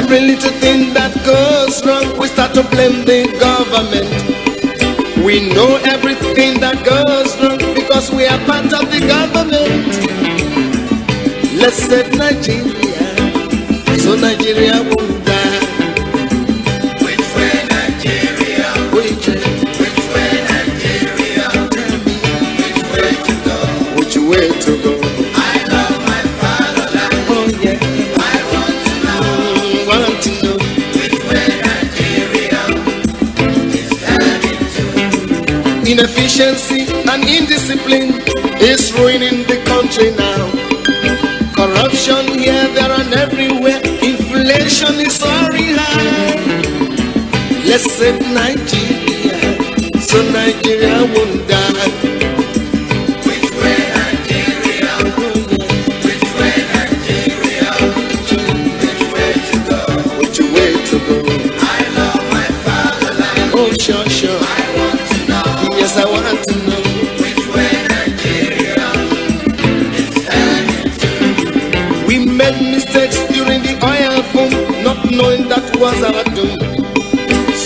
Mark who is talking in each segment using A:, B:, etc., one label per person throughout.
A: Every little thing that goes wrong, we start to blame the government. We know everything that goes wrong because we are part of the government. Let's save Nigeria so Nigeria will Inefficiency and indiscipline is ruining the country now. Corruption here, there, and everywhere. Inflation is very high. Let's save Nigeria so Nigeria won't die.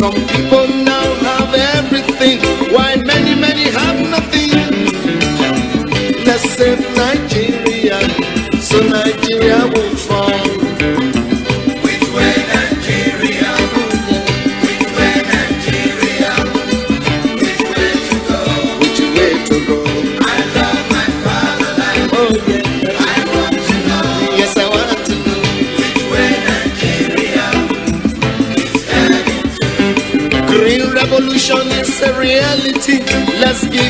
A: Some people now have everything, while many, many have nothing. Let's say.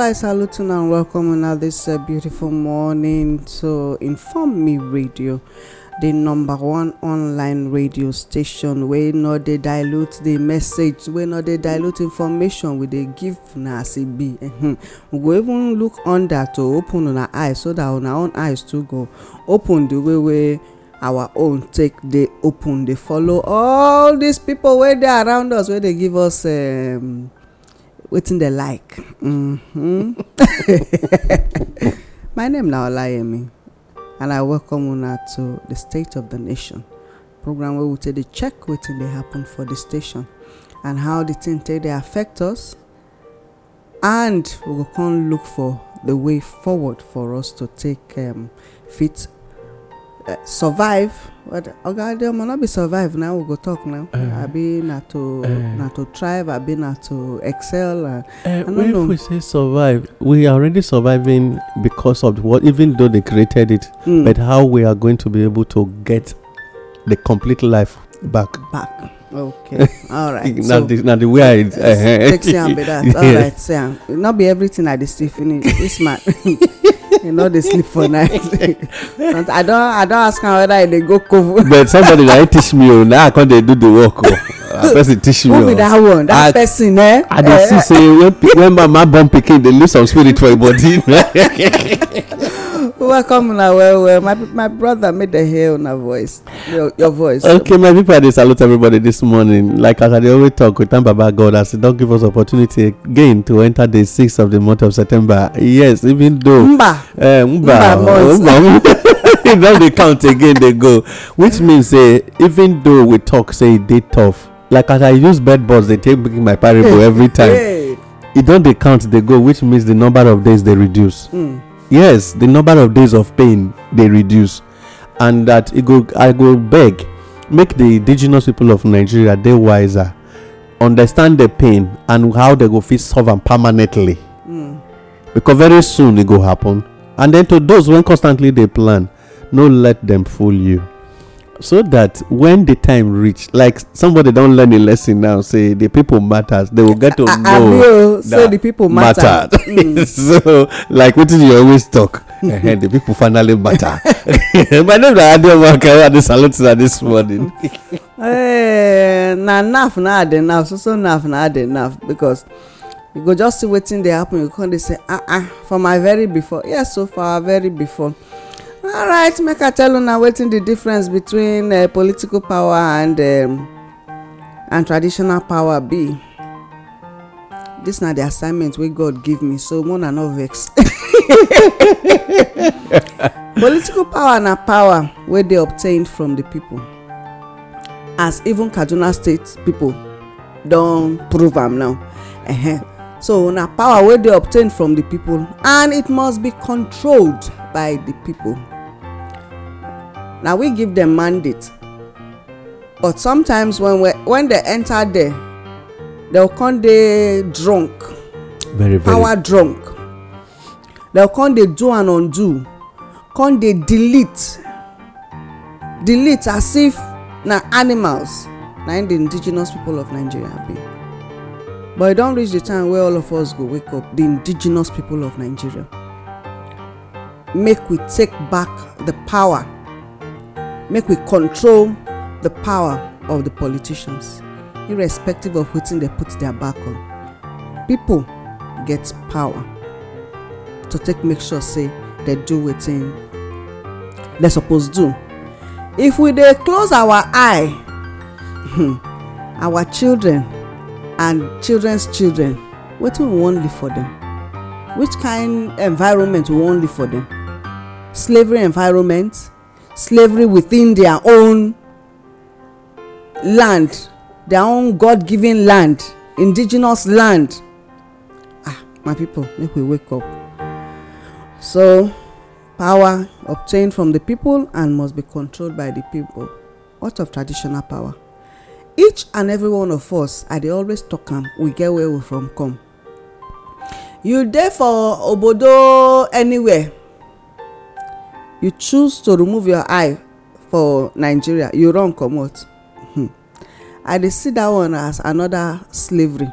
B: Well, I salute and welcome you this uh, beautiful morning to Inform Me Radio, the number one online radio station where not they dilute the message, where not they dilute information, where they give na as e we even look under to open our eyes so that on our own eyes to go open the way we our own take the open dey follow all these people where they around us where they give us. Um, wetin dem like mm-hmm. my name na olayemi and i welcome una to the state of the nation program wey we take dey check wetin dey happen for the station and how the thing take dey affect us and we go come look for the way forward for us to take um, fit Eh, survive but oga adeoma no be survive na we go talk now abi eh. na to eh. na to thrive abi na to excel i no know if we
C: say survive we are already surviving because of what even though they created it hmm. but how we are going to be able to get the complete life back back okay all right so na the way i take say am be that all right
B: say am not be everything i dey see finish this man you know they sleep for night i don i don ask am whether e dey go covo. but somebody
C: na teach me o na i come dey do the work o That person teach me o. who be that one that person eh. i dey see eh? say when mama born pikin dey lose some spirit for im body
B: welcome na well well my my brother made dey hear una voice your your voice okay
C: my people i dey salute everybody this morning like as i dey always talk we thank baba god as he don give us opportunity again to enter the sixth of the month of september yes even though mba uh, mba mba e don dey count again dey go which means say eh, even though we talk say e dey tough like as i use bed bugs dey take make my parable every time e don dey count dey go which means the number of days dey reduce. Mm yes the number of days of pain dey reduce and that e go i go beg make the indigenous people of nigeria dey wiser understand the pain and how they go fit solve am permanently hmm. because very soon e go happen and then to those wey constantly dey plan no let them fool you so that when the time reach like somebody don learn a lesson now say the people matters they will get to I, know that say the people matter, matter. Mm. so like wetin you always talk the people finally matter my name na adeoma akawo i dey salute una this morning.
B: hey, eh, na naf na ade naf so so naf na ade naf because you go just see wetin dey happen you come dey say ah ah for my very before yes so for our very before. All right, make i tell una wetin the difference between uh, political power and um, and traditional power be this na the assignment wey god give me so mona no vex political power na power wey dey obtained from the people, as even kaduna state people don prove am now so na power wey dey obtained from the people and it must be controlled by the people Now we give them mandate but sometimes when we when they enter there they'll come dey drunk very very power drunk They'll come dey do and undo come dey delete delete as if na animals na the indigenous people of nigeria be but e don't reach the time where all of us go wake up the indigenous people of nigeria make we take back the power make we control the power of the politicians irrespective of wetin they put their back on people get power to take make sure say they do wetin they suppose do if we dey close our eye hmm, our children and children's children wetin we wan leave for them? which kind environment we wan leave for them? slavery environment slavery within their own land their own god-given land indigenous land ah my people make we wake up so power obtained from the people and must be controlled by the people what of traditional power each and every one of us i dey always talk am we get where we from come you dey for obodo anywhere you choose to remove your eye for nigeria you run comot hmm. i dey see dat one as another slavery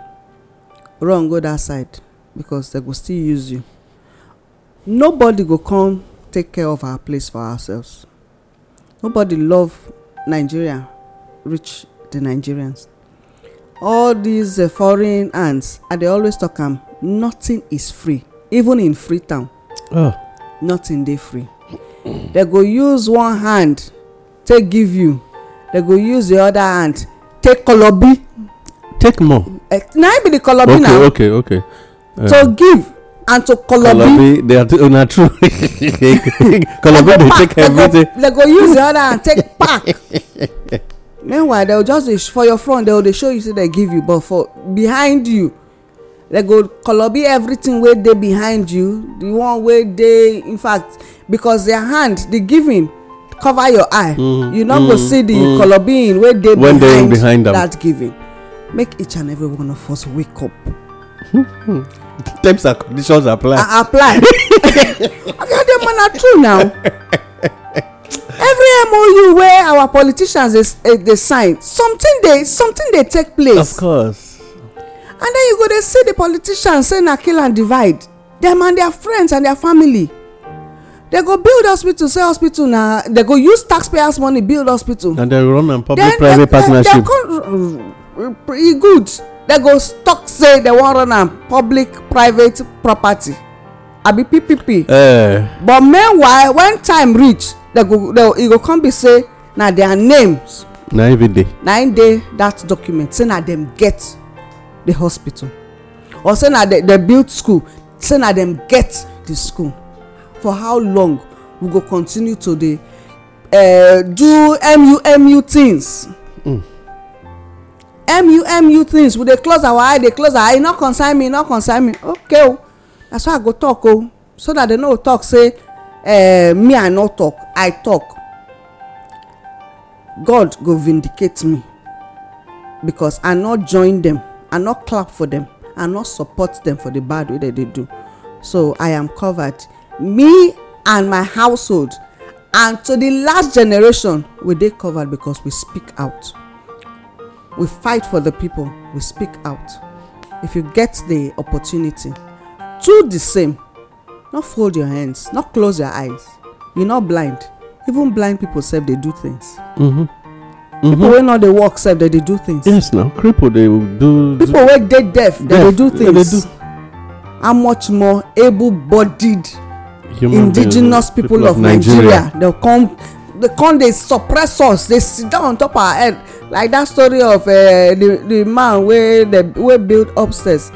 B: run go dat side because dem go still use you nobody go come take care of our place for ourselves nobody love nigeria reach the nigerians all these uh, foreign ants. i dey always talk am nothing is free even in free town oh. nothing dey free They go use one hand take give you They go use the other hand take kolobi take more eh, na im be the kolobi na
C: okay okay okay eh. to
B: give and to kolobi
C: kolobi na true kolobi dey take everything
B: They go use the other hand take pack meanwhile they dem just dey for your front They go dey show you say they give you but for behind you They go colobi everything wey dey behind you the one wey dey in fact because their hand the giving cover your eye mm, you no go mm, see the mm. colobin wey dey behind behind that giving make each and every one of us wake up
C: hmm. terms and conditions apply apply okay
B: dem na true now every mou wey our politicians dey sign something dey take place of course and then you go dey see the politicians say na kill and divide dem and their friends and their family dem go build hospital say hospital na dem go use taxpayers money build hospital
C: and dem run am public private partnership uh, uh,
B: dem go e good dem go talk say dem wan run am public private property abi ppp eh. but meanwhile when time reach dem go e go come be say na their names na im dey dat document say na dem get the hospital or say na dem build school say na dem get the school for how long we go continue to dey eh, do mumu things mumu things we dey close our eye dey close our eye e no concern me e no concern me okay o that's why i go talk o so that dem no go talk say eh, me i no talk i talk god go vindicate me because i no join dem and not clap for them. and not support them for the bad way that they do so i am covered me and my household and to the last generation we they covered because we speak out we fight for the people we speak out if you get the opportunity do the same Not fold your hands Not close your eyes you not blind even blind people say they do things mm-hmm people mm-hmm. wey no dey work sef dem dey do things yes na
C: cripple dey do people wey dey deaf dem dey do things
B: how much more able bodied
C: indigenous people of nigeria
B: dem come dey come dey suppress us dey sit down on top our head like dat story of eh, the the man wey build upstairs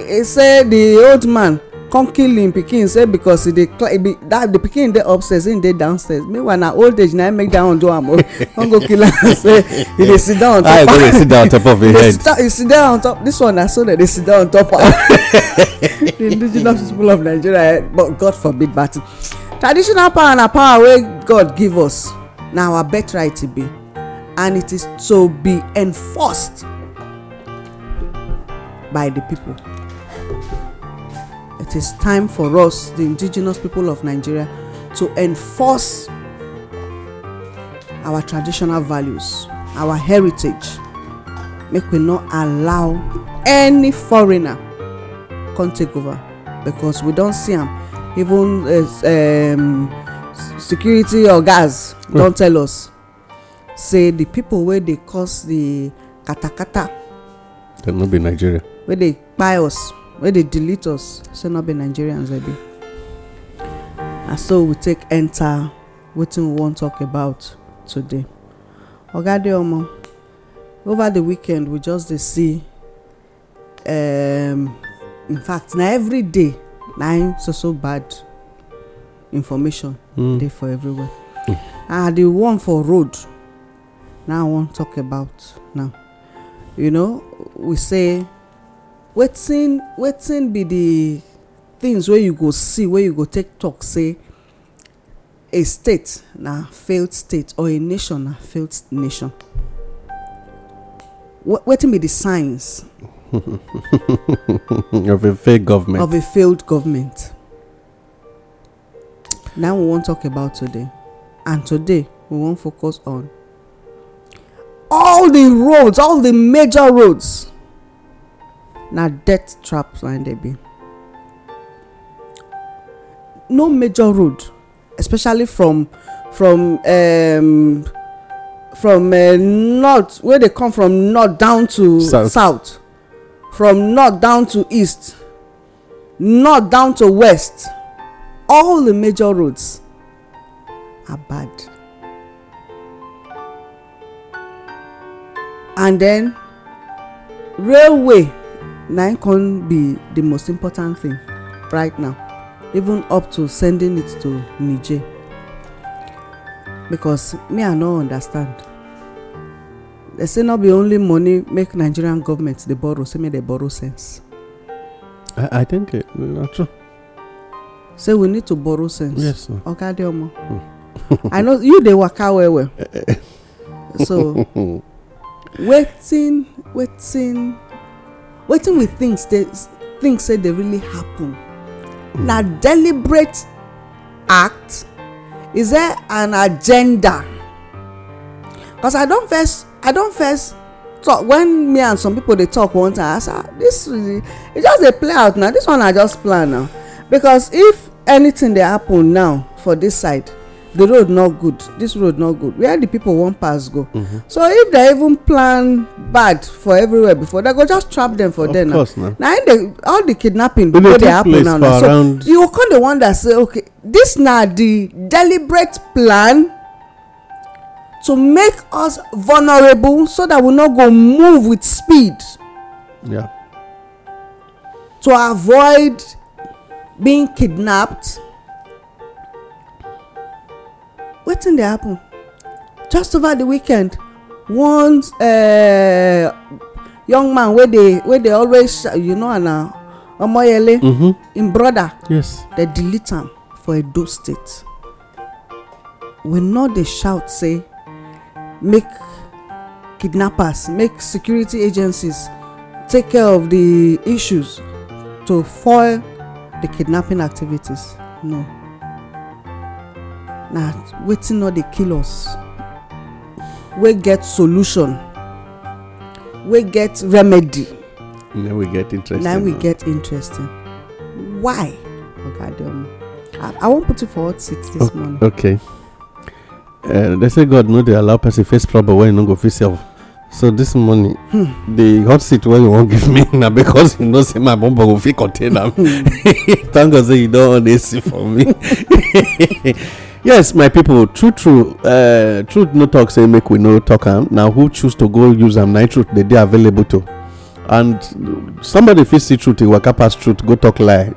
B: He say the old man come kill him pikin say because e dey that the pikin dey upstairs him dey downstairs meanwhile na old age na him make that one do am o oh. come go kill am say e dey sit down on top am i go dey sit down on top of him head e sit down on top this one na so dem dey sit down on top am the indigenous people of nigeria eh, but god forbid but traditional power na power wey god give us na our birthright e be and it is to be enforced by the people it is time for us, the indigenous people of Nigeria, to enforce our traditional values, our heritage. Make we not allow any foreigner come take over because we don see am even uh, um, security ogas mm. don tell us say the people wey dey cause the katakata.
C: dem no be nigeria.
B: wey dey kpai us wey dey delete us say no be nigerians we be na so we take enter wetin we wan talk about today oga omo over the weekend we just dey see um, in fact na every day na so so bad information hmm. dey for everywhere hmm. and the one for road na i wan talk about now you know we say wetin wetin be the things wey you go see wey you go take talk say a state na failed state or a nation na failed nation wetin be the signs
C: of a failed government
B: of a failed government na we wan talk about today and today we wan focus on all the roads all the major roads na death traps na im be no major road especially from from um, from uh, north wey dey come from north down to south. south from north down to east north down to west all the major roads are bad and then railway na can be the most important thing right now even up to sending it to niger because me i no understand they say no be only money make nigerian government dey borrow say make they borrow sense
C: i i think it uh, na true
B: say we need to borrow sense yes Oga de omo hmm. i know you dey waka well well so wetin wetin wetin we think say think say dey really happen na deliberate act is there an agenda because i don first i don first talk when me and some people dey talk one time i say ah this e just dey play out now this one I just plan now because if anything dey happen now for this side the road not good this road not good where the people wan pass go mm-hmm. so if they even plan bad for everywhere before they go just trap them for there now na im all the kidnapping go dey happen now na so you go come dey wonder say okay this na the deliberate plan to make us vulnerable so that we no go move with speed Yeah. to avoid being kidnapped wetin dey happen just over the weekend one uh, young man wey dey wey dey always you know na omoyele mm-hmm. im brother yes dey delete am for edo state we no dey shout say make kidnappers make security agencies take care of the issues to foil the kidnapping activities no na wetin no dey kill us wey get solution wey get remedy
C: na we get interesting na we
B: get interesting why oga adeomu i wan put you for hot seat this oh, morning
C: okay eh, They say god no dey allow person face problem wey e no go fit solve so this morning hmm. the hot seat wey you wan give me na because you know say my bumbo go fit contain am hmm. thank god say you don always see for me yes my people true true uh, truth no talk say make we no talk am na who choose to go use am na truth dey dey available to and somebody fit see truth e waka pass truth go talk lie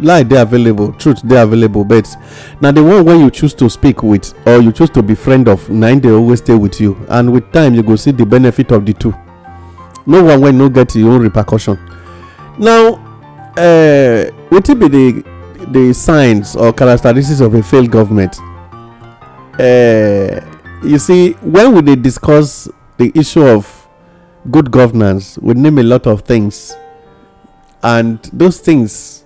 C: lie dey available truth dey available but na the one wey you choose to speak with or you choose to be friend of na im dey always stay with you and with time you go see the benefit of the two no one wey no get im e own repercussion now uh, wetin be the the signs or characteristics of a failed government uh, you see when we discuss the issue of good governance we name a lot of things and those things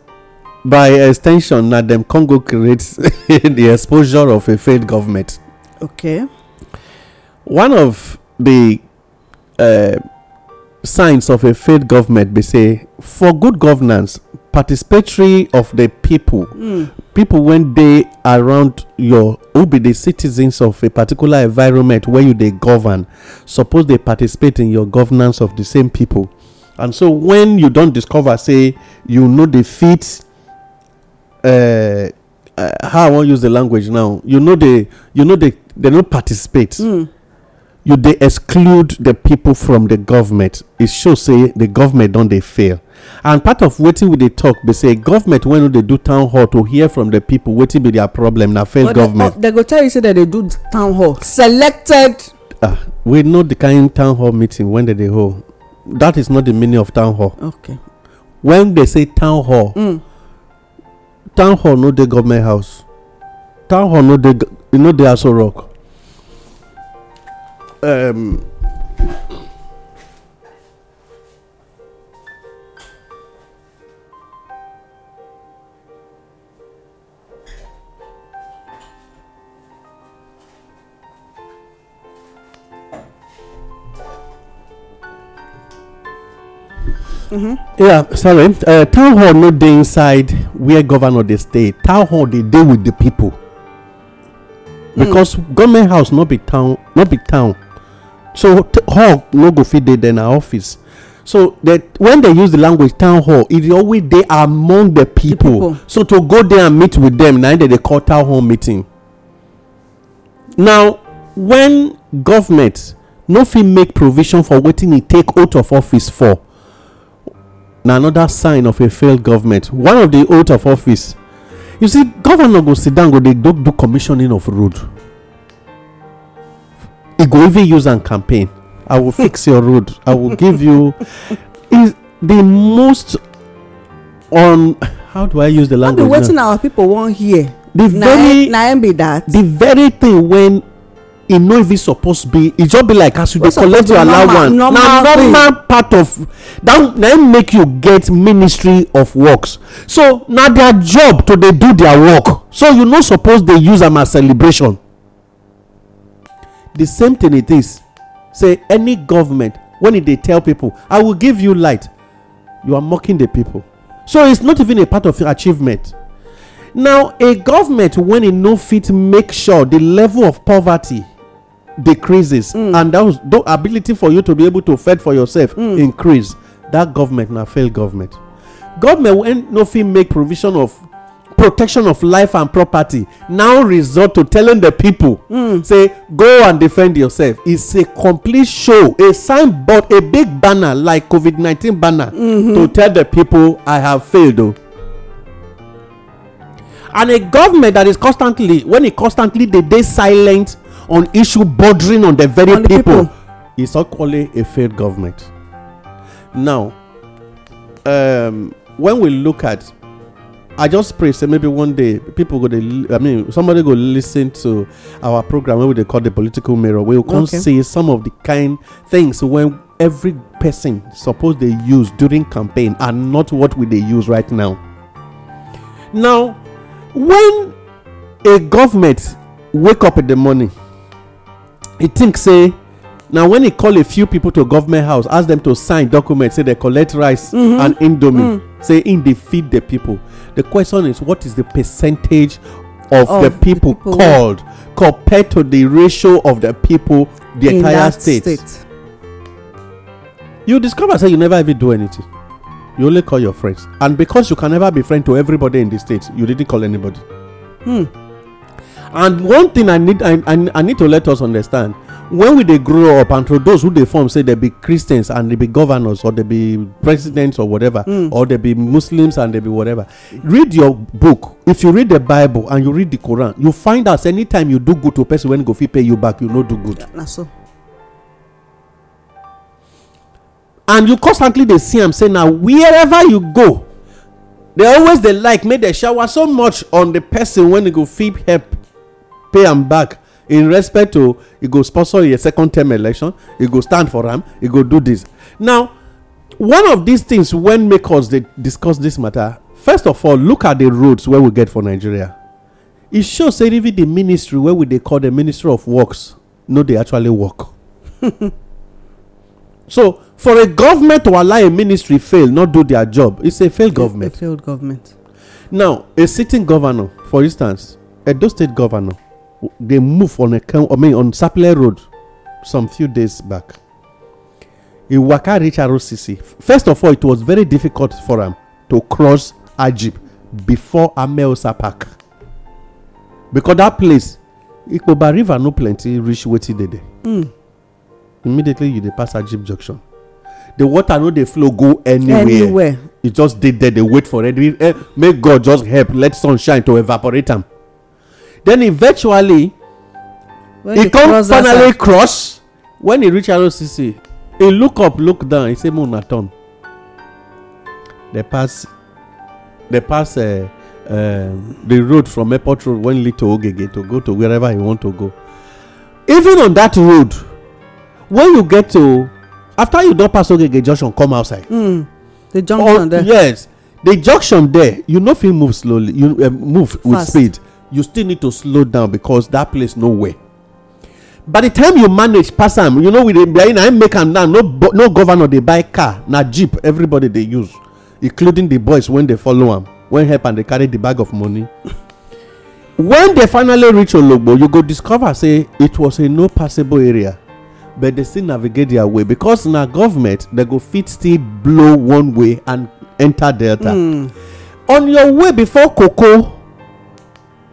C: by extension are them congo creates the exposure of a failed government okay one of the uh, signs of a failed government be say for good governance participatory of the people mm. people when they around your who be the citizens of a particular environment where you they govern suppose they participate in your governance of the same people and so when you don't discover say you know the fit uh, uh, how i want use the language now you know they hmm. you know they they don't participate mm. you they exclude the people from the government it shows say the government don't they fail and part of wetin we dey talk be say government wey no dey do town hall to hear from the people wetin be their problem na first government
B: dem oh, go tell you say dem dey do town hall selected
C: Ah, we know the kind town hall meeting wey dem dey hold that is not the meaning of town hall okay when they say town hall mm. town hall no dey government house town hall no dey e aso rock um, Mm-hmm. yeah sorry uh, town hall no dey inside where governor they stay town hall they dey with the people hmm. because government house not be town not be town. so hall no go fit there in na office so that when they use the language town hall it always they are among the people, the people. so to go there and meet with them now they dey call town hall meeting now when government no fit make provision for waiting, e take out of office for Now another sign of a failed government one of the oath of office you see governor go sit down go they do commissioning of road e go even use and campaign i will fix your road i will give you is the most on how do i use the language now no be our people won't hear na im be that the very thing when e no even suppose be e just be like as you dey collect your allowance na normal part of na im make you get ministry of works so na their job to dey do their work so you no suppose dey use am as celebration the same thing it is say any government when e dey tell people i will give you light you are mocking the people so it's not even a part of your achievement now a government when e no fit make sure the level of poverty decreases mm. and that ability for you to be able to fend for yourself mm. increase that government now failed government government wey no fit make provision of protection of life and property now resort to telling the people mm. say go and defend yourself it's a complete show a signboard a big banner like covid-19 banner mm-hmm. to tell the people i have failed o oh. and a government that is constantly when it constantly they dey silent on issue bordering on the very on people, the people is a failed government. Now, um, when we look at, I just pray say maybe one day people go. I mean, somebody go listen to our program where they call the political mirror. We will come okay. see some of the kind things when every person suppose they use during campaign and not what we they use right now. Now, when a government wake up in the morning he think say now when he call a few people to government house ask them to sign document say they collect rice mm-hmm. and indomie mm. say in defeat feed people. The question is what is the percentage of the people called compared to the ratio of the people the entire state you discover say you never even do anything you only call your friends and because you can never be friend to everybody in the state you didn't call anybody. Hmm. and one thing i need i i need to let us understand when we dey grow up and to those who dey form say they be christians and they be governors or they be presidents or whatever hmm. or they be muslims and they be whatever read your book if you read the bible and you read the quran you find out anytime you do good to a person wey go fit pay you back you no do good na so and you constantly dey see am say na wherever you go they always dey like make they shower so much on the person wey e go fit help pay am back in respect to e go sponsor a second term election e go stand for am e go do this. now one of these things wen make us dey discuss this matter first of all look at the roads wey we get for nigeria e show say even the ministry wey we dey call the ministry of works no dey actually work so for a government to allow a ministry fail not do their job it's a failed government failed government now a sitting governor for instance edo state governor they move on account I mean on Sapler Road some few days back. He waka reach ROCC. First of all, it was very difficult for him to cross Ajib before Amelsa Park because that place Ikpoba river no plenty reach wetin dey there. Mm. Immediately you dey pass Ajib junction. The water no dey flow go anywhere. Anywhere. it just dey there They wait for it. Uh, eh, make God just help let sunshine to evaporate them then eventually
A: e come finally
C: cross when he reach rocc He look up look down He say moon na turn dey pass dey pass uh, uh, the road from airport road wey lead to ogege to go to wherever he want to go even on that road when you get to after you don pass ogege junction come outside. Mm, the
B: junction or, oh, there yes
C: the junction there you no fit move slowly you uh, move Fast. with speed you still need to slow down because that place nowhere by the time you manage pass am you know we dey buy make am now no no governor They buy car na jeep everybody they use including the boys when they follow am when help and they carry the bag of money when they finally reach Olobo, you go discover say it was a no passable area but they still navigate their way because now government they go fit still blow one way and enter delta mm. on your way before koko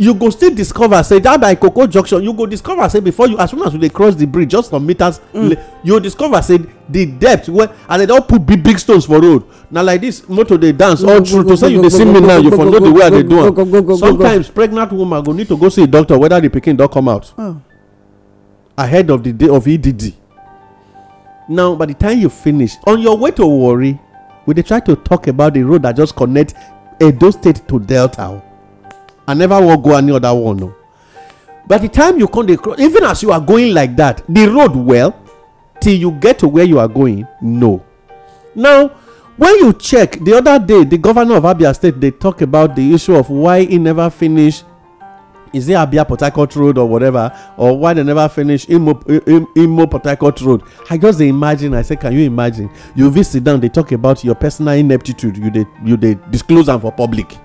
C: you go still discover say that by koko junction you go discover say before you as soon as you dey cross the bridge just some meters mm. you discover say the depth Well, and they don put big big stones for road na like this motor dey dance all through to say you dey see me now you for know the way i dey do am sometimes pregnant woman go need to go see doctor whether the pikin don come out oh. ahead of the day of edd now by the time you finish on your way to warri we dey try to talk about the road that just connect edo state to delta i never wan go any other one no by the time you come dey cross even as you are going like that the road well till you get to where you are going no now when you check the other day the governor of abia state dey talk about the issue of why he never finish is it abia port harcourt road or whatever or why they never finish imo imo port harcourt road i just dey imagine i say can you imagine you visit down dey talk about your personal ineptitude you dey you dey disclose am for public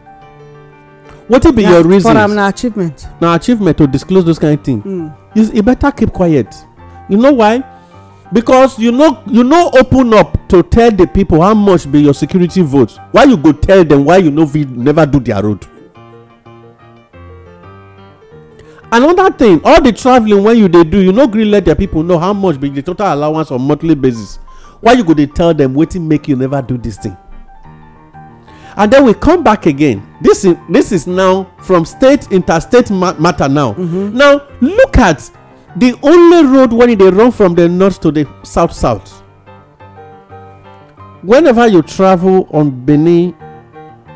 C: What be your reason? for am na achievement na achievement to disclose those kind of thing hmm. you better keep quiet you know why because you no you no open up to tell the people how much be your security vote why you go tell them why you no fit never do their road another thing all the traveling wey you dey do you no gree let their people know how much be the total allowance on monthly basis why you go dey tell them wetin make you never do this thing and then we come back again this is this is now from state interstate matter now mm-hmm. now look at the only road when they run from the north to the south south whenever you travel on benin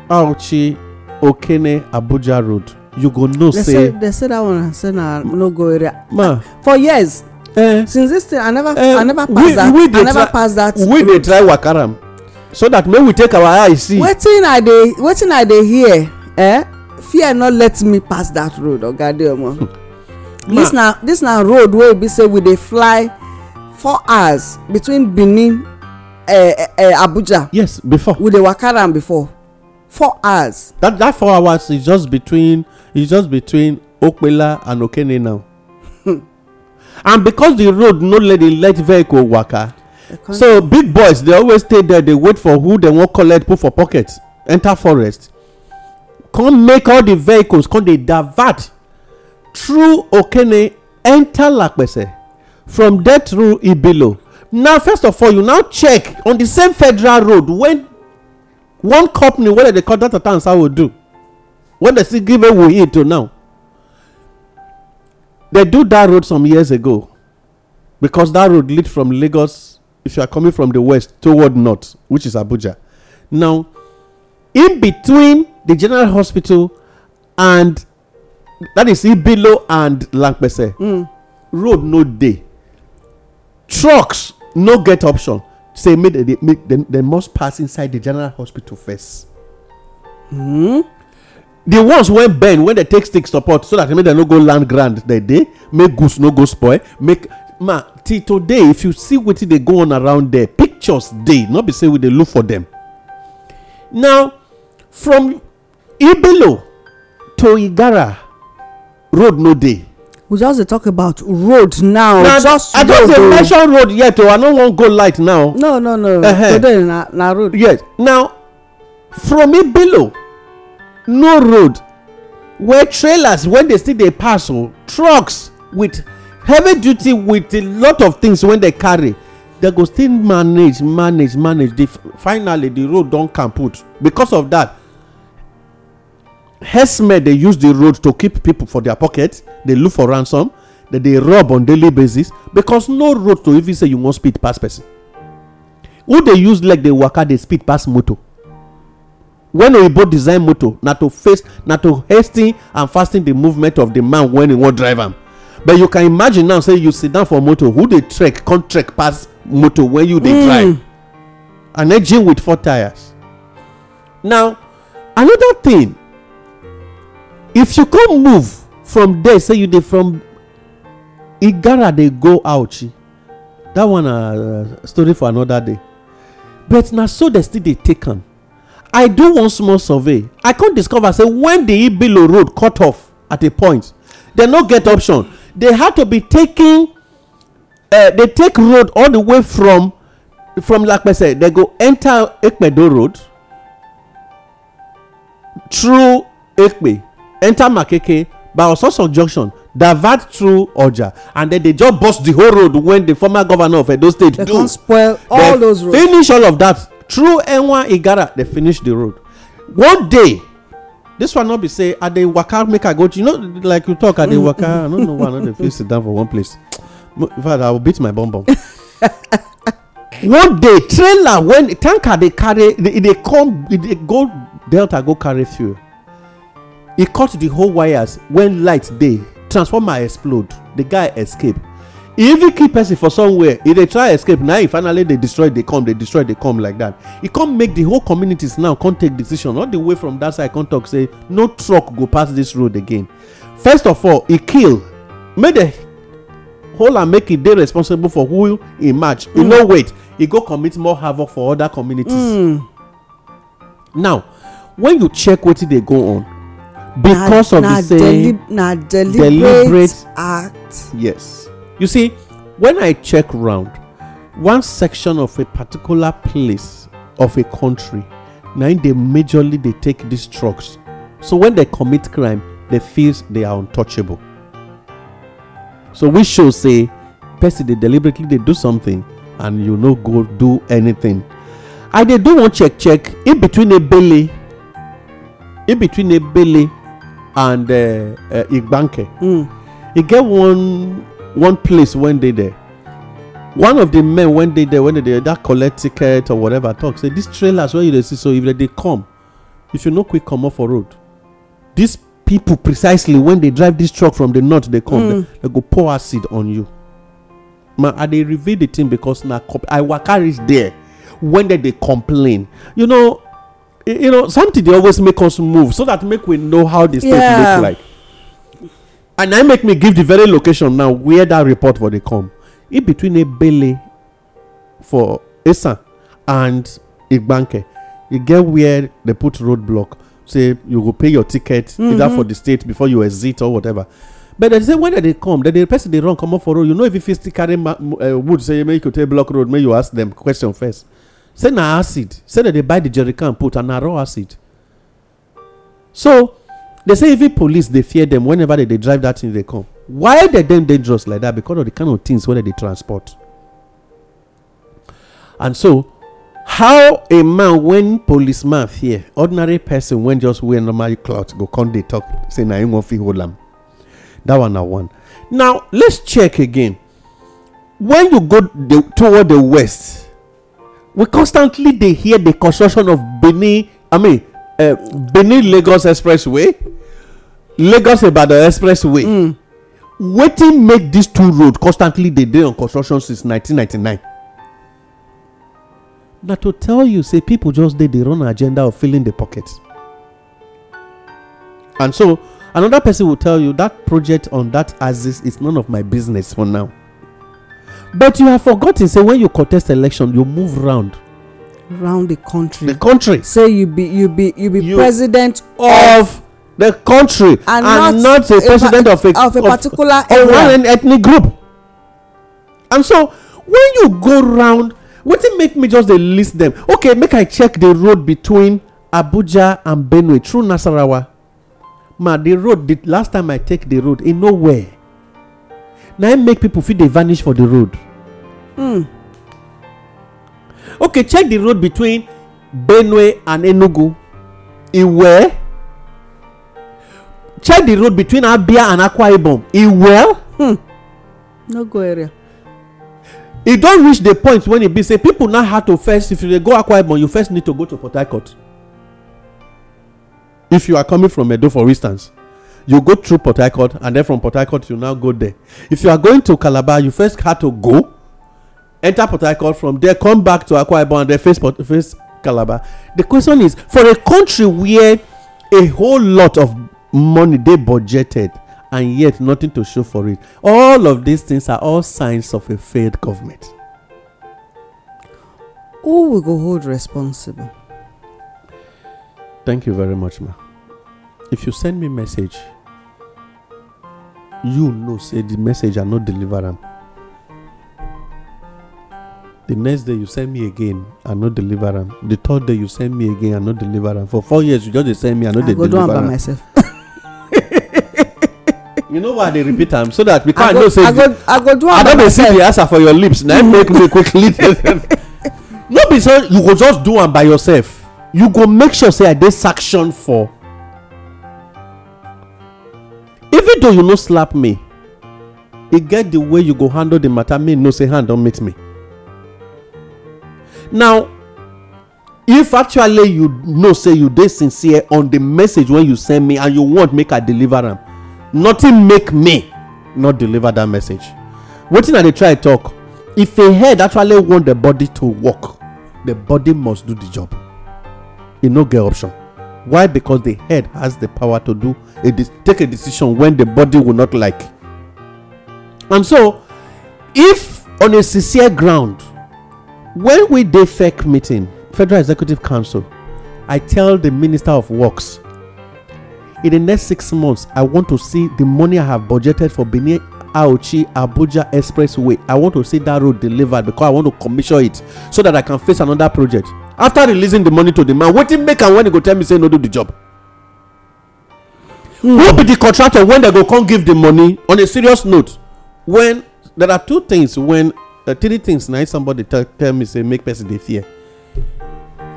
C: auchi okene abuja road you go know they say, say they
B: say that one say na no go area ma for years uh, since this thing i never uh, i never pass we, that we i never try, pass that we
C: dey try wakaram so that make we take our eye see
B: wetin i dey wetin i dey hear eh fear no let me pass that road ogade omo hmm. this na this na road wey be say we dey fly four hours between benin eh,
C: eh, eh, abuja yes before we dey waka am before four hours that that four hours is just between is just between okpela and okene now hmm. and because the road no let the light vehicle waka so big boys dey always stay there dey wait for who dem wan collect put for pocket enter forest come make all the vehicles come dey divert through okene enter lapese from there through ibilo now first of all you now check on the same federal road when one company wey dem dey call data tansawo do wey dem still give awuyi till now dem do that road some years ago because that road lead from lagos if you are coming from the west toward north, which is Abuja. Now, in between the General Hospital and that is Ibilo and Lankpese, mm. road no day. Trucks no get option. Say make they, make they, they must pass inside the General Hospital first. Mm. the ones wey bend when they take stick support so that make dem no go land ground dey dey make goose no go spoil make ma till today if you see wetin dey go on around there pictures dey not be say we dey look for dem now from ibilo to igara road no dey we just dey talk about road now just road i just dey oh. mention road yet o oh. i no wan go light now no no no today na road yes now from ibilo no road where trailers wey dey still dey pass o oh, trucks with heavy duty with a lot of things wey dem carry dem go still manage manage manage the finally the road don put because of that herdsmen dey use the road to keep people for their pocket dey look for ransom dem dey rob on daily basis because no road to even say you wan speed pass person who dey use leg dey waka dey speed pass motor when oyibo design motor na to face na to hasten and fasten the movement of the man when e wan drive am but you can imagine now say you sit down for motor who dey trek come trek pass motor when you dey hmm. drive an engine with four tires now another thing if you come move from there say you dey from igara dey go auchi that one na uh, story for another day but na so dem still dey take am i do one small survey i come discover say when di ibilo road cut off at a point dem no get option they had to be taking uh, they take road all the way from from lakpese they go enter ekpedo road through ekpe enter makeke by ososo junction divert through Oja and then they just bust the whole road when the former governor of Edo State they do. They spoil all they those roads. Finish all of that through Enwa Igara. They finish the road. One day this one not be say i ah, dey waka make i go you know like you talk i ah, dey mm. waka i no know why i no dey fit sit down for one place in fact i will beat my bum bum one day trailer when tanker dey carry e dey come e dey go delta go carry fuel e cut the whole wires when light dey transformer explode the guy escape e even kill person for somewhere e dey try escape now, e finally dey destroy dey come dey destroy dey come like that e come make the whole communities now come take decision all the way from that side come talk say no truck go pass this road again first of all he kill make the hold am make e dey responsible for who he match e mm. no wait He go commit more havoc for other communities mm. now when you check wetin dey go on because of the say na deliberate act yes You see, when I check round, one section of a particular place of a country, now they majorly they take these drugs. So when they commit crime, they feel they are untouchable. So we should say, person they deliberately they do something, and you no go do anything. I they do one check check in between a belly, in between a belly and uh, uh, Mm. You get one one place when they there. One of the men when they there, when they there, that collect ticket or whatever, talk say these trailers where you see so if they come, if you should no quick come off a road. These people precisely when they drive this truck from the north, they come, mm. they, they go pour acid on you. Man, I they reveal the thing because now I waka reach there when they, they complain. You know, you know something they always make us move so that make we know how the state yeah. look like and I make me give the very location now where that report for dey come in between ebele for esan and igbanke e get where they put roadblock. say you go pay your ticket either mm-hmm. for the state before you exit or whatever but dem say wen they dey come the person dey run comot for road you know if you fit still carry uh, wood say make you take block road make you ask them question first say na acid say dem dey buy the di jerrycan put and na raw acid so they say even police dey fear them. whenever they dey drive that thing dey come why dem dey dangerous like that? because of the kind of things wey dem dey transport and so how a man wen policeman fear ordinary person wen just wear normal cloth go come dey talk say na him wan fit hold am um. that one na one now let's check again when you go toward the west we constantly dey hear the construction of benin i mean Eh, benin lagos expressway lagos ibadan expressway mm. wetin make dis two roads constantly dey dey on construction since 1999 na to tell you say pipo just dey dey run agenda of filling di pocket and so another person will tell you that project on that axis is none of my business for now but you have forgotten say when you contest election you move round
B: round the country the
C: country say you be you be you be president
B: of
C: the country and not a president of a of a particular area one ethnic group and so when you go round wetin make me just dey list dem okay make i check the road between abuja and benue through nasarawa ma the road the last time i take the road e no where na im make people fit dey vanish for the road mm okay check the road between benue and enugu iwe check the road between abia and akwa ibom iwe hmm. no go area e don reach the point when e be say people now had to first if you dey go akwa ibom you first need to go to port harcourt if you are coming from edo for instance you go through port harcourt and then from port harcourt you now go there if you are going to calabar you first had to go enter Port Harcourt from there, come back to Akwa Ibom and then face, face Calabar. The question is for a country where a whole lot of money they budgeted and yet nothing to show for it, all of these things are all signs of a failed government.
B: Who will go hold responsible?
C: Thank you very much, ma. If you send me message, you know say the message I not deliver am the next day you send me again i no deliver am the third day you send me again i no deliver am for four years you just dey send me i no dey deliver am i go do am by myself. you know why i dey repeat am so that because i, go, i know say i, go, I,
B: go do I don dey see
C: the answer for your lips na im make me quickly no be say you go just do am by yourself you go make sure say i dey sanction for even though you no slap me e get the way you go handle the matter me know say hand don meet me now if actually you know say you dey sincere on the message wey you send me and you want make i deliver am nothing make me not deliver that message wetin i dey try talk if a head actually want the body to work the body must do the job e no get option why because the head has the power to do a take a decision when the body will not like and so if on a sincere ground when we dey fec meeting federal executive council i tell the minister of works in the next six months i want to see the money i have budgeted for benin aochi abuja expressway i want to see that road delivered because i want to commission it so that i can face another project after releasing the money to the man wetin make am when he go tell me say no do the job mm. who be the contractor when they go come give the money on a serious note when there are two things when uh, three things na somebody tell, tell me say make person dey fear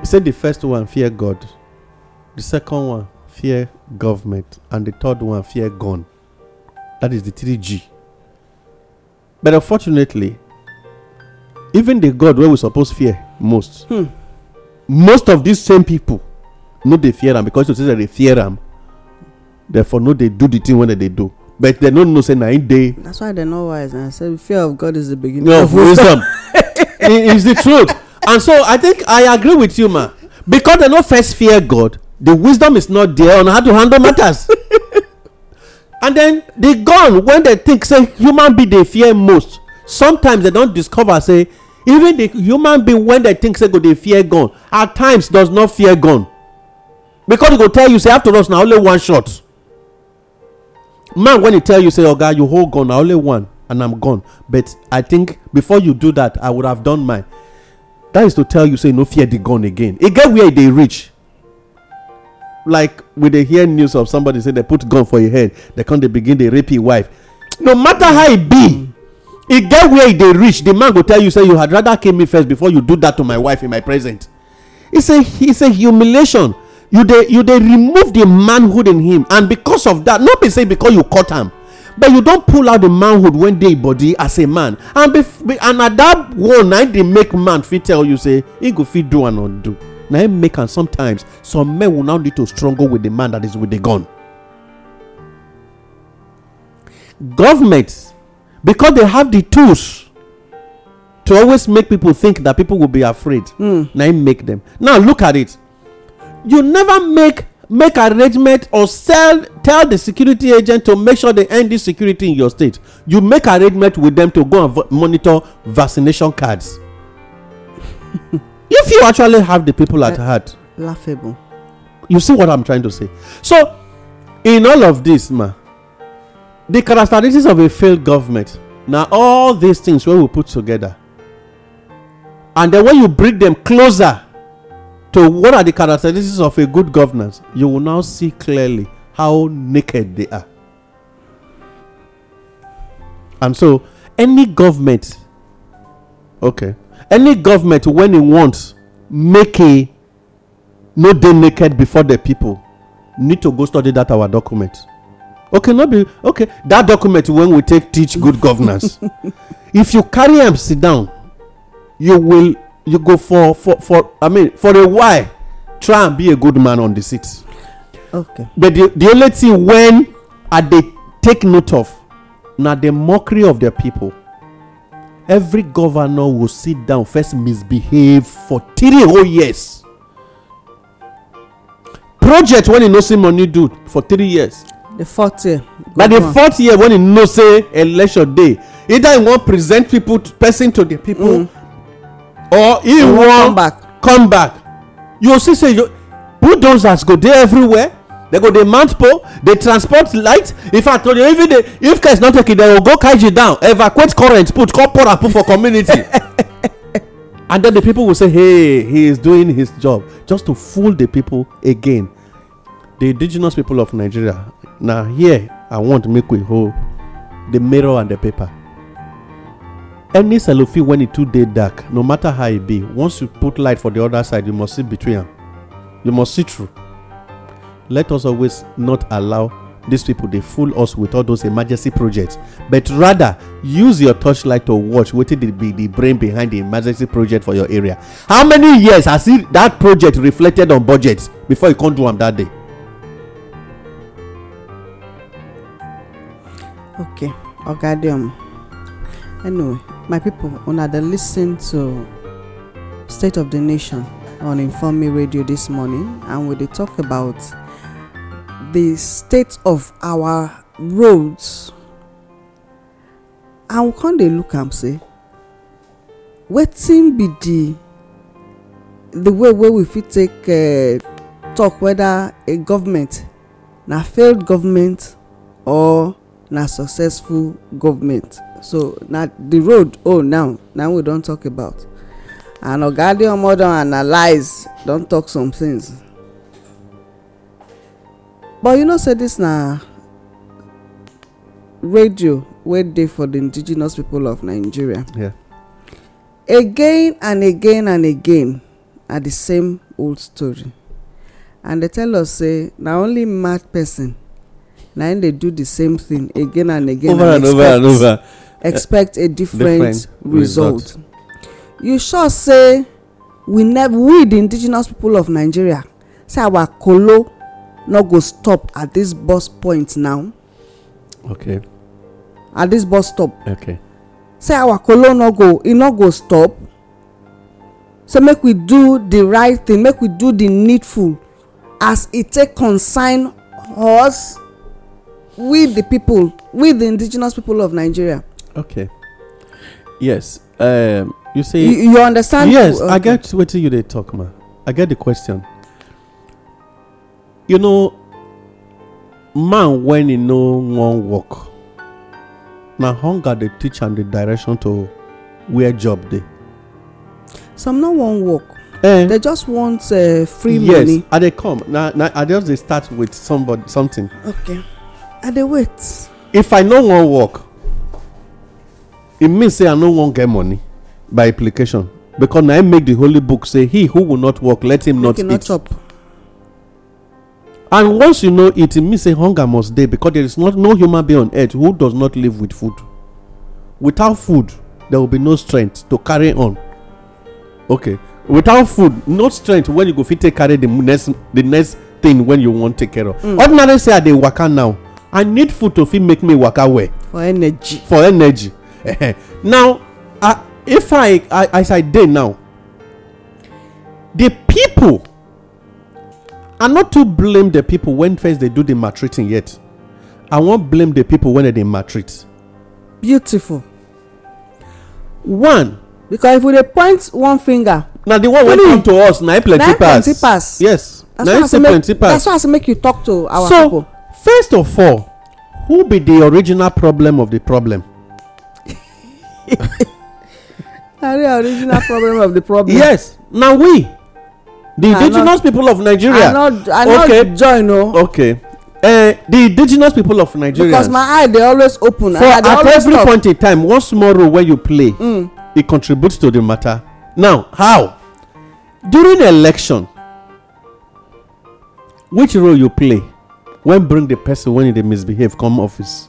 C: He say the first one fear god the second one fear government and the third one fear gun that is the 3g but unfortunately even the god wey we suppose fear most hmm. most of these same people no dey fear am because you say dem dey fear am therefore no dey do the thing wey they dey do but they no know say na him dey.
B: that's why they no wise na say fear of god is the beginning of wisdom.
C: it is the truth and so i think i agree with you ma because they no first fear god the wisdom is not there on how to handle matters and then the gun when they think say human being dey fear most sometimes they don discover say even the human being when they think say go dey fear gun at times does not fear gun because e go tell you say after us na only one shot man when he tell you say oga oh, you hold gun na only one and i'm gone but i think before you do that i would have done mine that is to tell you say no fear the gun again e get where e dey reach like we dey hear news of somebody say they put gun for your head they come dey begin dey rape your wife no matter how e be e get where e dey reach the man go tell you say you had rather kill me first before you do that to my wife in my present it's a it's a humiliation you they you they remove the manhood in him and because of that not be say because you cut him, but you don pull out the manhood when dey body as a man and be and na that one na dey make man fit tell you say he go fit do and undo. do na him make am sometimes some men will now need to struggle with the man that is with the gun government because they have the tools to always make people think that people will be afraid mm. na him make them now look at it you never make make arrangement or sell tell the security agent to make sure they end this security in your state you make arrangement with them to go and monitor vaccination cards if you actually have the people at La eh, heart laughable you see what i'm trying to say so in all of this ma the characteristics of a failed government now all these things when we put together and then when you bring them closer to what are the characteristics of a good governance, you will now see clearly how naked they are. And so, any government, okay, any government when it wants make a no day naked before the people, need to go study that our document. Okay, not be okay. That document when we take teach good governance. if you carry them sit down, you will you go for for for i mean for a while try and be a good man on the seat okay but the the only thing when i dey take note of na the mockery of their people every governor will sit down first misbehave for three whole years project wey e no see money do for three years the fourth year by the fourth year when e know say election dey either e wan present people person to the people mm or he wan come back you see say bulldozers go dey everywhere dem go dey mount pole dey transport light If I tell you, even if case not take it dem go go you down evacuate current put come pour am put for community and then the people go say hey he is doing his job just to fool the people again the indigenous people of nigeria na here i want make we hold the mirror and the paper any cellophane when e too dey dark no matter how e be once you put light for the other side you must see between am you must see through let us always not allow these people dey fool us with all those emergency projects but rather use your torchlight to watch wetin dey be the brain behind the emergency project for your area how many years has it that project reflected on budget before you come do am that day.
B: okay oga okay, dem anyway my people, una dey listen to state of the nation on inform me radio this morning and we dey talk about the state of our roads and we con dey look am say wetin be di the way wey we fit take eh, talk whether a government na failed government or na successful government so na the road oh now na we don talk about and oga adeomo don analyse don talk some things but you know say this na radio wey dey for the indigenous people of nigeria Yeah. again and again and again na the same old story and dey tell us say na only mad person na im dey do the same thing again and again over and, expect, over and over expect a different, result. you sure say we never we the indigenous people of nigeria say our kolo no go stop at this bus point now okay at this bus stop okay say our kolo no go e no go stop say make we do the right thing make we do the needful as e take concern us With the people with the indigenous people of nigeria
C: okay yes um, you say you, you understand yes okay. i get wetin you dey talk ma i get the question you know man when e no wan work na hunger dey teach am the direction to where job dey
B: some no wan work eh? they just want uh, free money yes
C: i they come now? i just they start with somebody something
B: okay i dey wait
C: if i no wan work e mean say i no wan get money by implication because na im make the holy book say he who will not work let him not eat chop. and once you know it e mean say hunger must dey because there is not no human being on earth who does not live with food without food there will be no strength to carry on okay without food no strength when you go fit take carry the next the next thing when you wan take care of mm. ordinarily say i dey waka now i need food to fit make me waka well for energy for energy now I, if I, I as i dey now the people i not too blame the people when first they do the maltreating yet i wan blame the people when they maltreat beautiful one because if we dey point one finger na the one wey come to us na plenty pass na plenty pass yes na plenty pass that's why i
B: say make you talk to our people
C: first of all who be the original problem of the problem na the original problem of the problem yes na we the indigenous people of nigeria i not i not join o oh. okay Uh, the indigenous people of nigeria because
B: my eye dey always open for at every point
C: in time one small role wey you play e mm. contribute to the matter now how during election which role you play when bring the person when they misbehave come office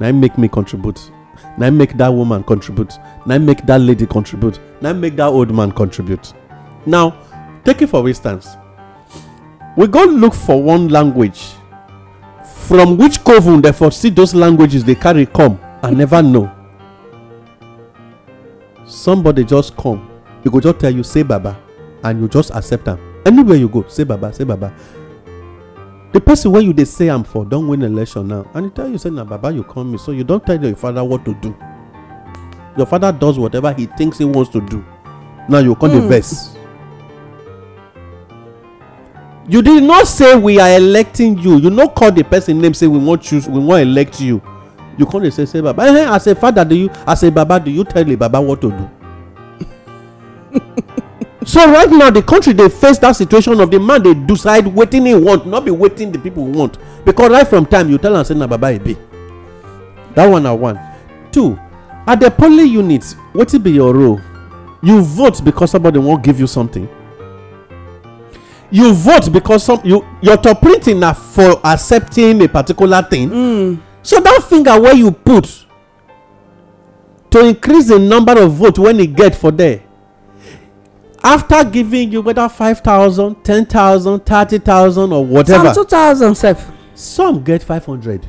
C: now make me contribute now make that woman contribute now make that lady contribute now make that old man contribute now take it for instance we go look for one language from which coven Therefore, see those languages they carry come and never know somebody just come He go just tell you say baba and you just accept am anywhere you go say baba say baba the person wey you dey say am for don win election now and he tell you say na baba you call me so you don tell your father what to do your father does whatever he thinks he wants to do now you come dey hmm. vex you did not say we are electing you you no call the person name say we wan choose we wan elect you you come dey say say baba eh as a father do you as a baba do you tell the baba what to do so right now the country dey face that situation of the man dey decide wetin e want not be wetin the people want because right from time you tell am say na baba e be dat one na one two at the polling unit wetin be your role you vote because somebody wan give you something you vote because some you your top printing na for accepting a particular thing hmm. so that finger wey you put to increase the number of vote wey you e get for there after giving you whether five thousand ten thousand thirty thousand or whatever. some two thousand sef. some get five hundred.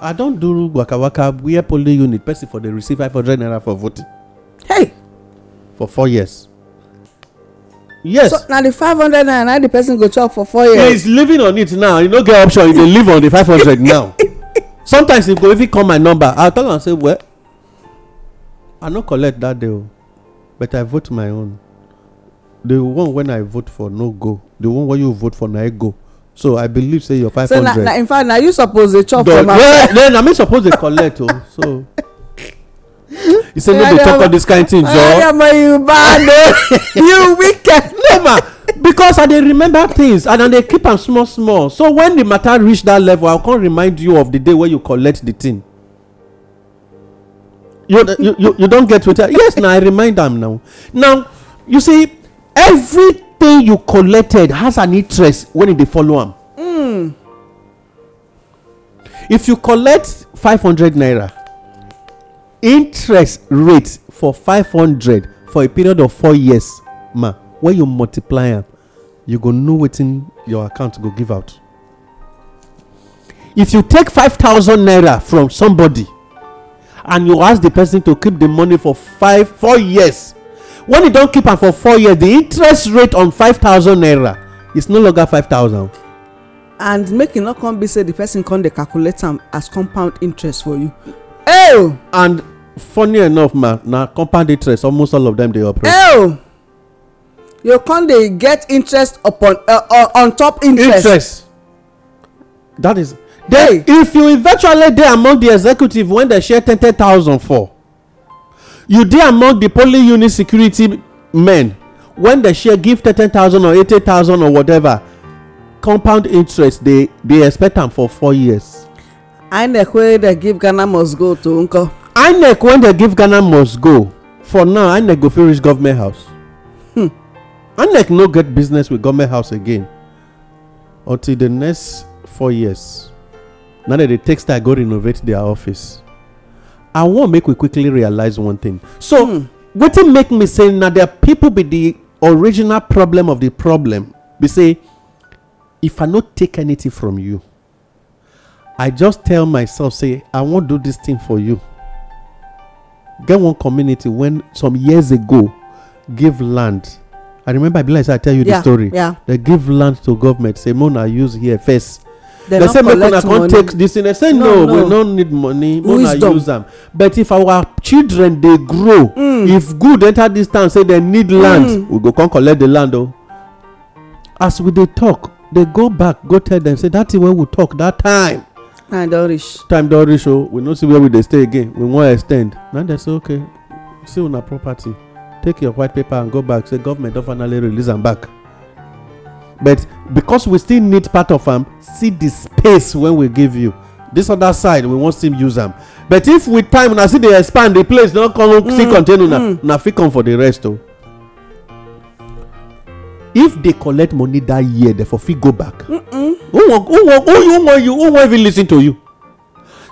C: i don do waka waka where polling unit person for dey receive five hundred naira for voting. hey. for four years. yes.
B: so na the five hundred naira na the person go chop for four years. he
C: is living on it now he no get option he dey live on the five hundred now. sometimes he go even call my number i tell am say well i no collect that day o but i vote my own the one when i vote for no go the one wey you vote for na e go so i believe say your five hundred. so in
B: fact na you suppose dey chop from outside.
C: no na me suppose dey collect o oh, so. he say no go talk all this kind things o. Oh. ayamo you bad o oh. you wicked. no ma because i dey remember things and i dey keep am small small so when the matter reach that level i come remind you of the day wey you collect the thing. you you you, you don get wetin yes na i remind am now now you see everything you collected has an interest when you dey follow am mm. if you collect five hundred naira interest rate for five hundred for a period of four years ma when you multiply am you go know wetin your account go give out if you take five thousand naira from somebody and you ask the person to keep the money for five four years when you don keep am for four years the interest rate on five thousand naira is no longer five thousand.
B: and make e no come be say the person come dey calculate am as compound interest for you.
C: Oh! and funny enough ma na compound interest almost all of them dey operate.
B: Oh! you come dey
C: get interest upon uh, on top interest. interest that is. Then, if you eventually dey among the executive when they share ten ten thousand for you dey among the polling unit security men when dem share give thirteen thousand or eighty thousand or whatever compound interest dey dey expect am for four years.
B: inec wey dem give ghana must go to nko.
C: inec wey dem give ghana must go for now inec go fit reach government house. Hmm. inec no get business with government house again until the next four years na dem dey take style go renovate their office i wan make we quickly realize one thing so hmm. it make me say na their people be the original problem of the problem be say if i not take anything from you i just tell myself say i won't do this thing for you get one community when some years ago give land i remember i believe i tell you the story Yeah. they give land to government say mona use here first They say make una come take this. thing dem say no we no need money una use am but if our children dey grow mm. if good enter this town say dem need mm. land we go come collect the land o oh. as we dey talk dey go back go tell dem say that thing wey we talk that time time ah, don reach time don reach o oh. we no see where we dey stay again we wan extend na dem say okay see una property take your white paper and go back say government don finally release am back but because we still need part of am see the space wey we give you this other side we wan still use am but if with time una still dey expand the place don come mm, still contain una una mm. fit come for the rest o oh. if they collect money that year they for fit go back who wan who wan who you who wan even lis ten to you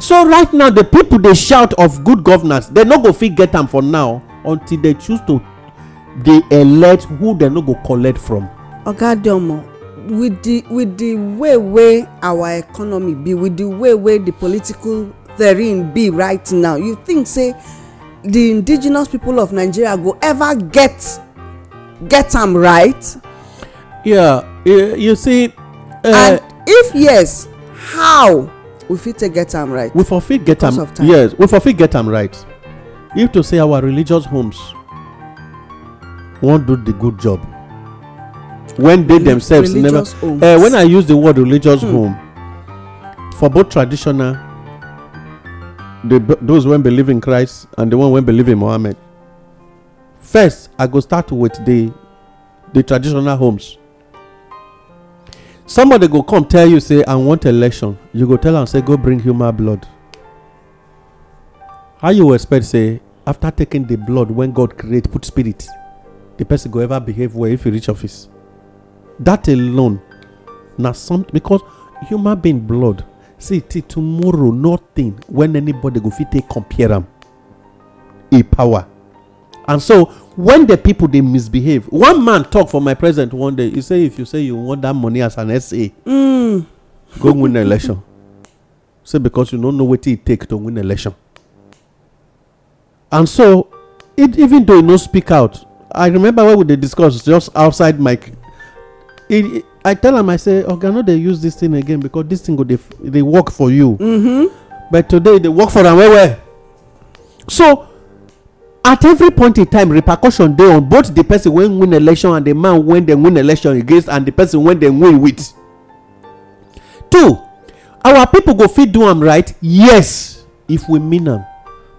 C: so right now the people dey shout of good governance they no go fit get am for now until they choose to dey elect who they no go collect from
B: oga adeomo with the way wey our economy be with the way wey the political terrain be right now you think say the indigenous people of nigeria go ever get get am right
C: yeah you see uh, and if yes how we fit take get am right we for fit get am yes we for fit get am right if to say our religious homes wan do the good job when they themselves never uh, when i use the word religious hmm. home for both traditional the, those when believe in christ and the one when believe in muhammad first i go start with the the traditional homes somebody go come tell you say i want election you go tell am say go bring human blood how you expect say after taking the blood when god create put spirit the person go ever behave well if he reach office That alone, na something because human being blood. See, till tomorrow, nothing when anybody go fit take compare them. A e power. And so when the people they misbehave, one man talk for my present one day. He say, if you say you want that money as an SA, mm. go win election. Say because you don't know what it take to win election. And so, it, even though you no speak out, I remember when we discuss just outside my i tell am i say oga no dey use this thing again because this thing go dey work for you mm-hmm. but today e dey work for am well well so at every point in time repercussion dey on both the person wey win election and the man wey dem win election against and the person wey dem win with two our people go fit do am right yes if we mean am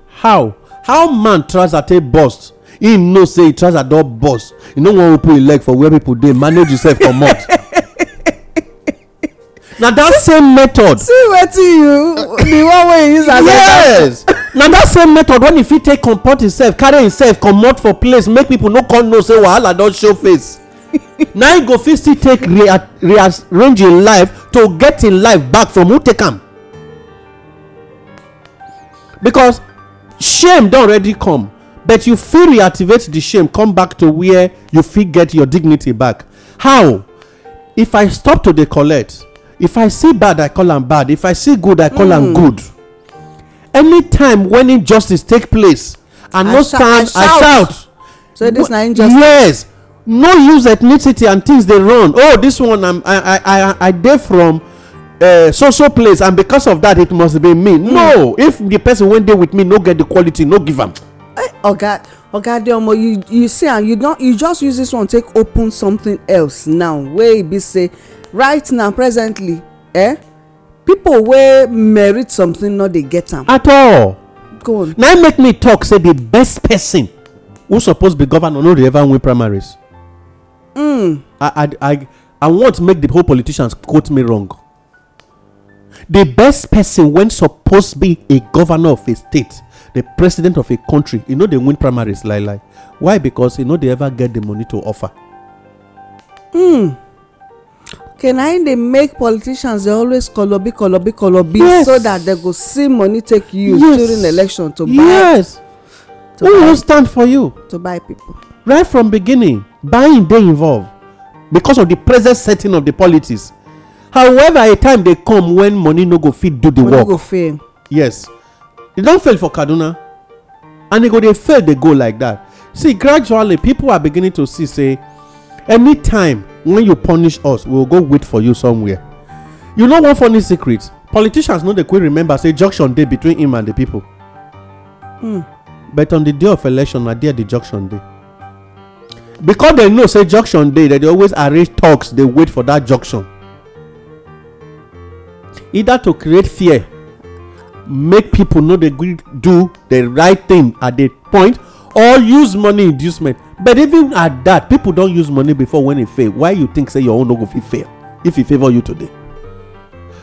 C: how how man trouser take burst him know say e trouser don burst e no wan open him leg for where people dey manage himself comot na that same method see wetin you the one wey you use as yes na that same method when e fit take comport himself carry himself comot for place make people no come know say wahala don show face na he go fit still take rearrange him life to get him life back from who take am because shame don already come but you fit reactivate the shame come back to where you fit get your dignity back how if i stop to dey collect if i see bad i call am bad if i see good i call am mm. good anytime when injustice take place I no stand i shout
B: so this na injustice yes
C: no use ethnicity and things dey run oh this one I'm i i I dey from eh, so so place and because of that it must be me mm. no if the person wey dey with me no get the quality no give am
B: oga oga adeomo you you see am ah, you you just use this one take open something else now wey e be say right now presently eh people wey merit something no dey get am
C: at all go on na make me talk say the best person who suppose be governor no dey ever win primaries hmm. i i i i want make the whole politicians quote me wrong the best person when suppose be a governor of a state the president of a country you know dey win primaries lie lie why because you know they ever get the money to offer
B: mm. okay na im dey make politicians dey always kolobi kolobi kolobi yes. so that dem go see money take use yes. during election to buy yes to
C: who go stand for you to buy people right from beginning buying dey involved because of the present setting of the politics however a time dey come when money no go fit do the money work money go fail yes They don fail for kaduna and they go dey fail dey go like that see gradually people are beginning to see say anytime when you punish us we will go wait for you somewhere you know one funny secret politicians no dey quick remember say junction dey between him and the people mm. but on the day of election na there the junction dey because dem know say junction dey dem dey always arrange talks dey wait for that junction either to create fear make pipo no dey do the right thing at the point or use money inducement but even at that people don use money before when e fail why you think say your own no go fit fail if e favour you today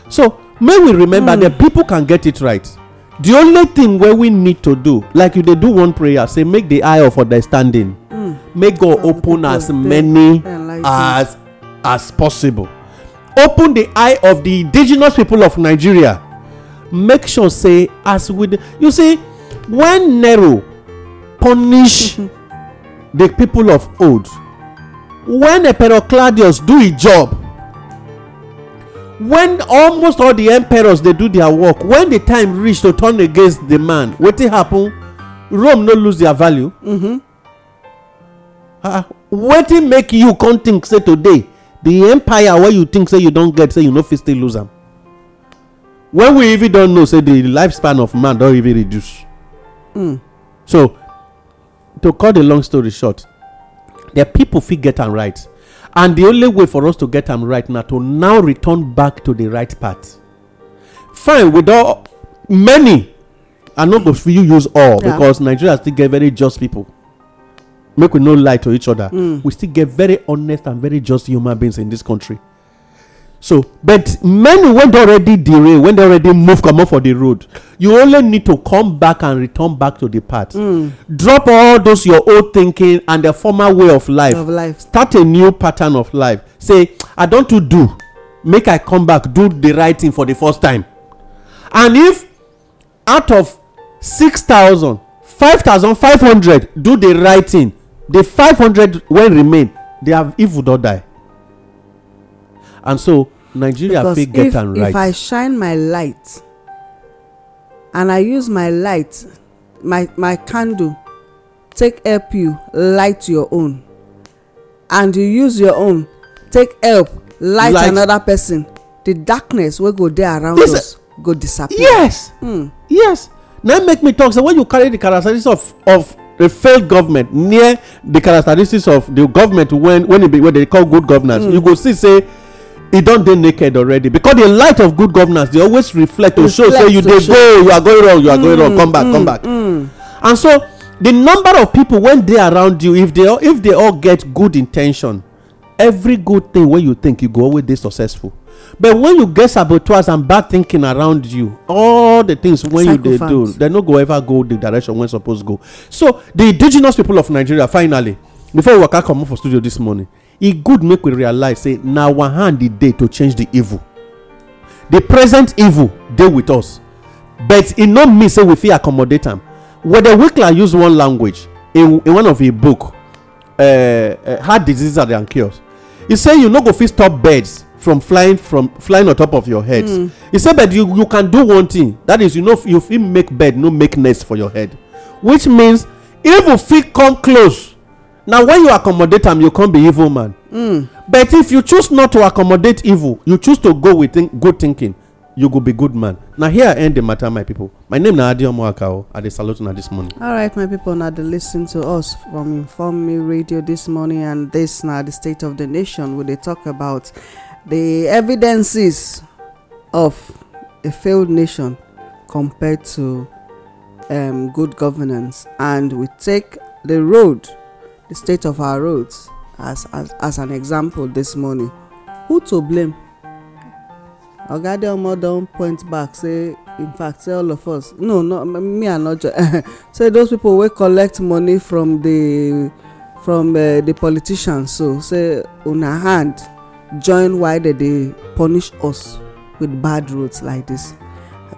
C: so may we remember hmm. that people can get it right the only thing wey we need to do like you dey do one prayer say make the eye of understanding hmm. make god open as many as as possible open the eye of the indigenous people of nigeria make sure say as we you see when nero punish the people of old when emperor claudius do his job when almost all the emperors dey do their work when the time reach to turn against the man wetin happen rome no lose their value mm-hmm. ah, ah, wetin make you come think say today the empire wey you think say you don get say you no fit still lose am when we even don know say the lifespan of man don even reduce hmm. so to cut a long story short the people fit get am right and the only way for us to get am right na to now return back to the right path fine we don many i no go fit use all because nigeria still get very just people make we no lie to each other hmm. we still get very honest and very just human beings in this country so but many wey don already derail wey don already move comot for the road you only need to come back and return back to the path hmm. drop all those your old thinking and the former way of life start a new pattern of life say i don too do make i come back do the right thing for the first time and if out of six thousand five thousand five hundred do the right thing the five hundred wey remain they have evil don die and so nigeria fit get am right if i
B: shine my light and i use my light my my candle take help you light your own and you use your own take help light another person the darkness wey go dey around us
C: go disappear yes hmm. yes na make me talk say when you carry the characteristics of of a failed government near the characteristics of the government when when e be what they call good governance hmm. you go see say e don dey naked already because the light of good governance dey always reflect to show say you dey go you are going wrong you are going wrong mm, come back come mm, back mm. and so the number of people wey dey around you if they all if they all get good intention every good thing wey you think you go always dey successful but when you get saboteurs and bad thinking around you all the things wey you dey do they no go ever go the direction wey suppose go so the indigenous people of nigeria finally before we waka comot for studio this morning e good make we realize say na our hand e dey to change the evil the present evil dey with us but e no mean say we fit accommodate am whether wickler use one language in in one of im book eh, eh, heart diseases and cures e say you no go fit stop birds from flying from flying on top of your head hmm. He say but you you can do one thing that is you know you fit make bed no make nest for your head which means evil fit come close Now, when you accommodate am you come be evil man hmm. but if you choose not to accommodate evil you choose to go with good thinking you go be good man na here i end the matter my people my name na adeomu akao i dey salute una this morning
B: All right, my people na dey listen to us from inform me radio this morning and this na the state of the nation we dey talk about the evidences of a failed nation compared to um, good governance and we take the road state of our roads as as as an example this morning who to blame oga adeomo don point back say in fact say all of us no no me and not say those people wey collect money from the from uh, the politicians so say una hand join why dem dey punish us with bad roads like this?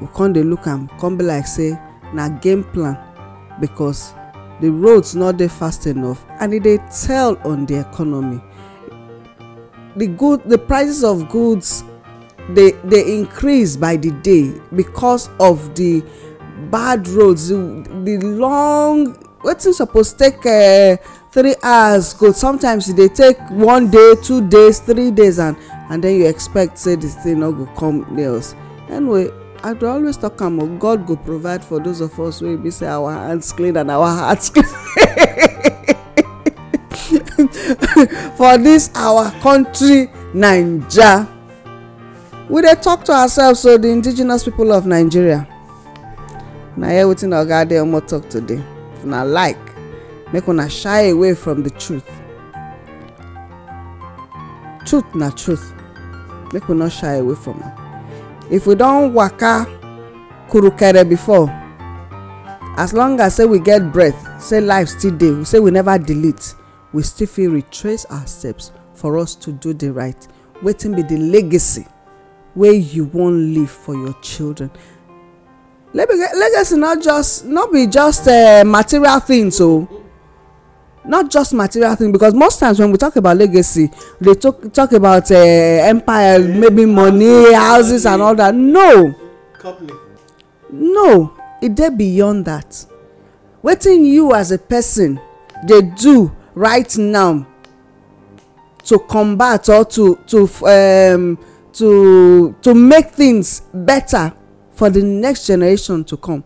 B: we con dey look am come be like say na game plan because the roads no dey fast enough and e dey tell on the economy the good the prices of goods dey dey increase by the day because of the bad roads the the long wetin suppose take uh, three hours go sometimes e dey take one day two days three days and and then you expect say the thing no go come near us anyway i dey always talk am o oh, god go provide for those of us wey be say our hands clean and our hearts clean for this, our country naija we dey talk to ourselves so oh, the indigenous people of nigeria na hear wetin oga adeyomo talk today una like make una shy away from the truth truth na truth make we not shy away from am if we don waka kurukere before as long as say we get breath say life still dey say we never delete we still fit retrace our steps for us to do the right wetin be the legacy wey you wan leave for your children legacy not just not be just eh, material things o oh not just material thing because most times when we talk about legacy they talk talk about uh, empire yeah, maybe money houses and all that no company. no e dey beyond that wetin you as a person dey do right now to combat or to to um, to to make things better for the next generation to come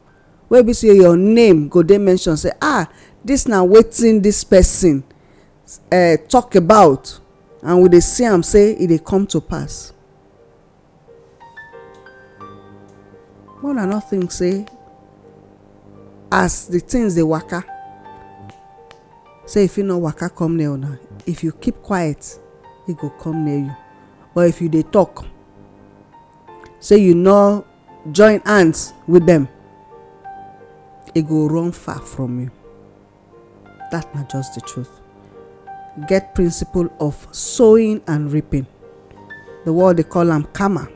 B: wey be say your name go dey mention say ah This na wetin this person eh, talk about and we dey see am say e dey come to pass one another think say as the things dey waka say if you no waka come near una if you keep quiet e go come near you but if you dey talk say you no join hands with dem e go run far from you That not just the truth. Get principle of sowing and reaping. The word they call them karma.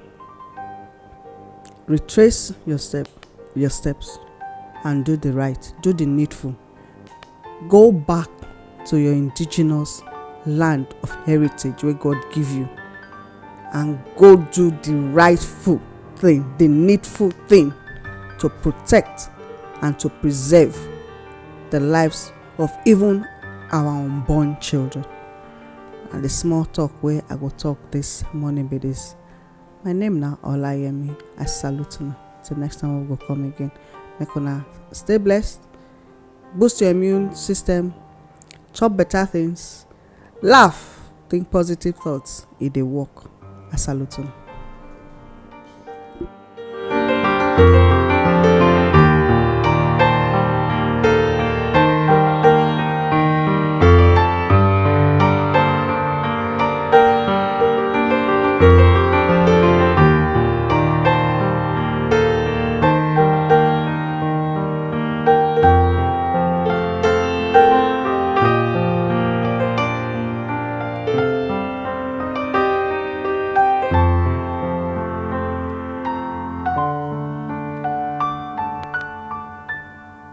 B: Retrace your step, your steps, and do the right. Do the needful. Go back to your indigenous land of heritage where God give you and go do the rightful thing, the needful thing to protect and to preserve the lives of even our unborn children and the small talk where i go talk this morning be this my name now olayemi i salute you. till next time we go come again make una stay blessed boost your immune system chop better things laugh think positive thoughts It e dey work i salute una. thank you